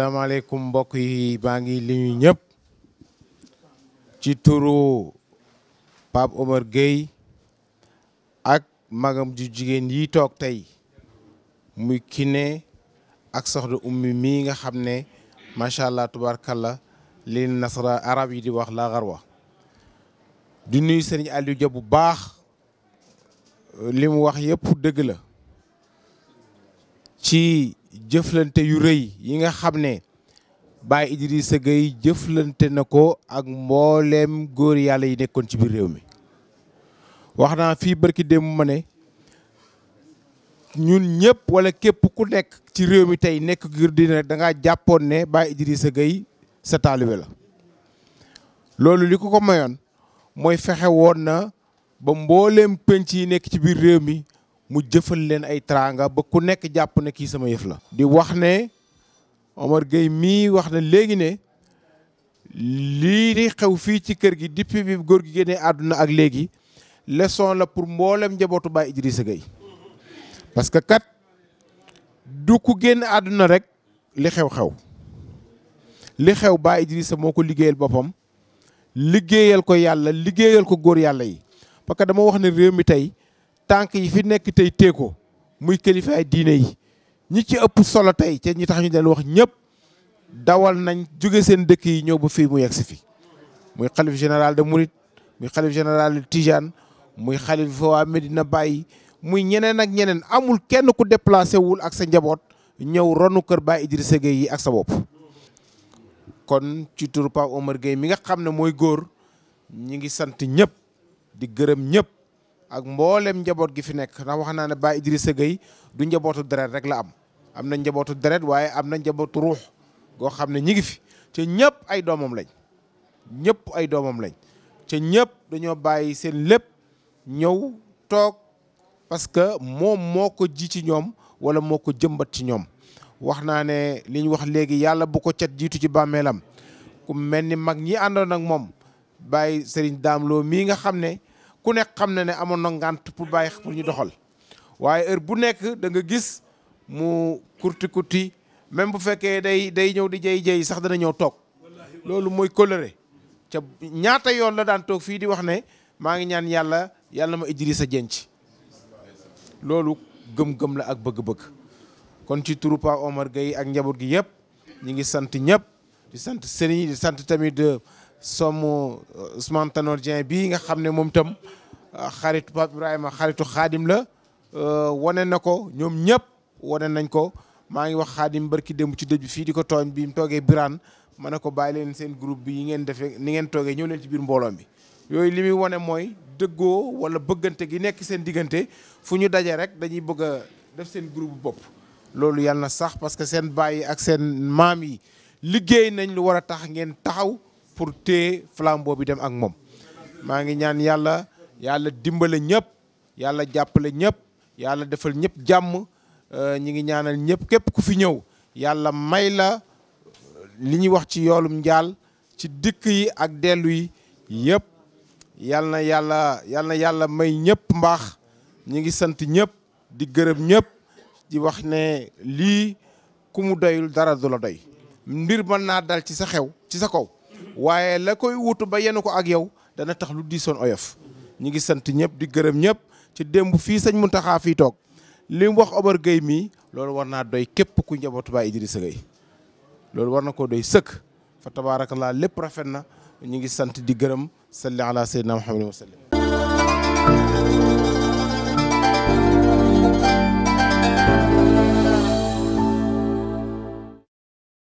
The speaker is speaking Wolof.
salaamaaleykum mbokk yi baa ngi li ñu ñëpp ci turu Pape Omar Gueye ak magam ju jigéen yi toog tey muy kiné ak soxla ummi mii nga xam ne macha allah tubarkalla li nasara arab yi di wax la garwa di nuyu sëriñ Aliou bu baax li mu wax yëpp dëgg la ci jëflante yu rëy yi nga xam ne Baye Idrissa Gueye jëflante na ko ak mbooleem góor yàlla yi nekkoon ci biir réew mi wax naa fi barki démb ma ne ñun ñëpp wala képp ku nekk ci réew mi tey nekk ngir dina rek da ngaa jàppoon ne Baye Idrissa Gueye sa taalibe la loolu li ko ko mayoon mooy fexe woon na ba mbooleem penc yi nekk ci biir réew mi mu jëfal leen ay teraanga ba ku nekk jàpp ne kii sama yëf la. di wax ne Omar Gueye mii wax na léegi ne lii di xew fii ci kër gi depuis bi góor gi génne àdduna ak léegi leçon la pour mbooleem njabootu Baye Idrissa Gueye parce que kat du ku génn àdduna rek li xew xew li xew Baye Idrissa moo ko liggéeyal boppam liggéeyal ko yàlla liggéeyal ko góor yàlla yi parce que dama wax ne réew mi tey. tànk yi fi nekk tey téeko muy kilifaay diine yi ñi ci ëpp solo tey te ñi tax ñu leen wax ñëpp dawal nañ jóge seen dëkk yi ñëw ba fii mu yegg si fi muy xalif général de Mouride muy xalif général de Tijane muy xalif waa na bàyyi muy ñeneen ak ñeneen amul kenn ku déplacé wul ak sa njaboot ñëw ronu kër Baye Idrissa Gueye yi ak sa bopp. kon ci turu Pape Omar Gueye mi nga xam ne mooy góor ñi ngi sant ñëpp di gërëm ñëpp. ak mboolem njaboot gi fi nekk ndax wax naa ne Baye Idrissa Gueye du njabootu deret rek la am am na njabootu deret waaye am na njabootu ruux goo xam ne ñi ngi fi te ñëpp ay doomam lañ ñëpp ay doomam lañ te ñëpp dañoo bàyyi seen lépp ñëw toog parce que moom moo ko ji ci ñoom wala moo ko jëmbat ci ñoom wax naa ne li ñu wax léegi yàlla bu ko cat jiitu ci bàmmeelam ku mel ni mag ñi àndoon ak moom bàyyi sëriñ daamloo mii nga xam ne ku nekk xam na ne amoon na ngànt pour baay pour ñu doxal waaye heure bu nekk da nga gis mu kurti kurti même bu fekkee day day ñëw di jey jey sax dana ñëw toog loolu mooy coloré ca ñaata yoon la daan toog fii di wax ne maa ngi ñaan yàlla yàlla ma sa Dienth loolu gëm-gëm la ak bëgg-bëgg kon ci turu Pa Omar Gueye ak njaboot gi yëpp ñi ngi sant ñëpp di sant sëriñ di sant tamit euh, sommu uh, Ousmane Tanor Dieng bii nga xam ne moom itam uh, xaritu Pape Ibrahima xaritu xaadim la uh, wane na ko ñoom ñëpp wane nañ ko maa ngi wax xaadim barki démb ci dëj bi fii di ko tooñ bi mu toogee Birane mane ko bàyyi leen seen groupe bi yi ngeen defee ni ngeen toogee ñëw leen ci biir mbooloom bi. yooyu li muy wane mooy dëggoo wala bëggante gi nekk seen diggante fu ñu dajee rek dañuy bëgg def seen group bopp loolu yàlla na sax parce que seen baay ak seen maam yi liggéey nañ lu war a tax ngeen taxaw. pour téye flambeau bi dem ak moom maa ngi ñaan yàlla yàlla dimbale ñëpp yàlla jàppale ñëpp yàlla defal ñëpp jàmm euh, ñi ngi ñaanal ñëpp képp ku fi ñëw yàlla may la euh, li ñuy wax ci yoolum njaal ci dikk yi ak dellu yi yëpp yal na yàlla yal na yàlla may ñëpp mbaax ñi ngi sant ñëpp di gërëm ñëpp di wax ne lii ku mu doyul dara du la doy mbir mën naa dal ci sa xew ci sa kaw waaye la koy wutu ba yenu ko ak yow dana tax lu diisoon oyof ñu ngi sant ñëpp di gërëm ñëpp ci démb fii sëñ Muntaxa fii toog li wax Omar Gueye mi loolu war naa doy képp ku njabootu Baay Idrissa Gueye loolu war na koo doy sëkk fa tabaarakallaa lépp rafet na ñu ngi sant di gërëm salli ala sayyidina Muhammad wa sallam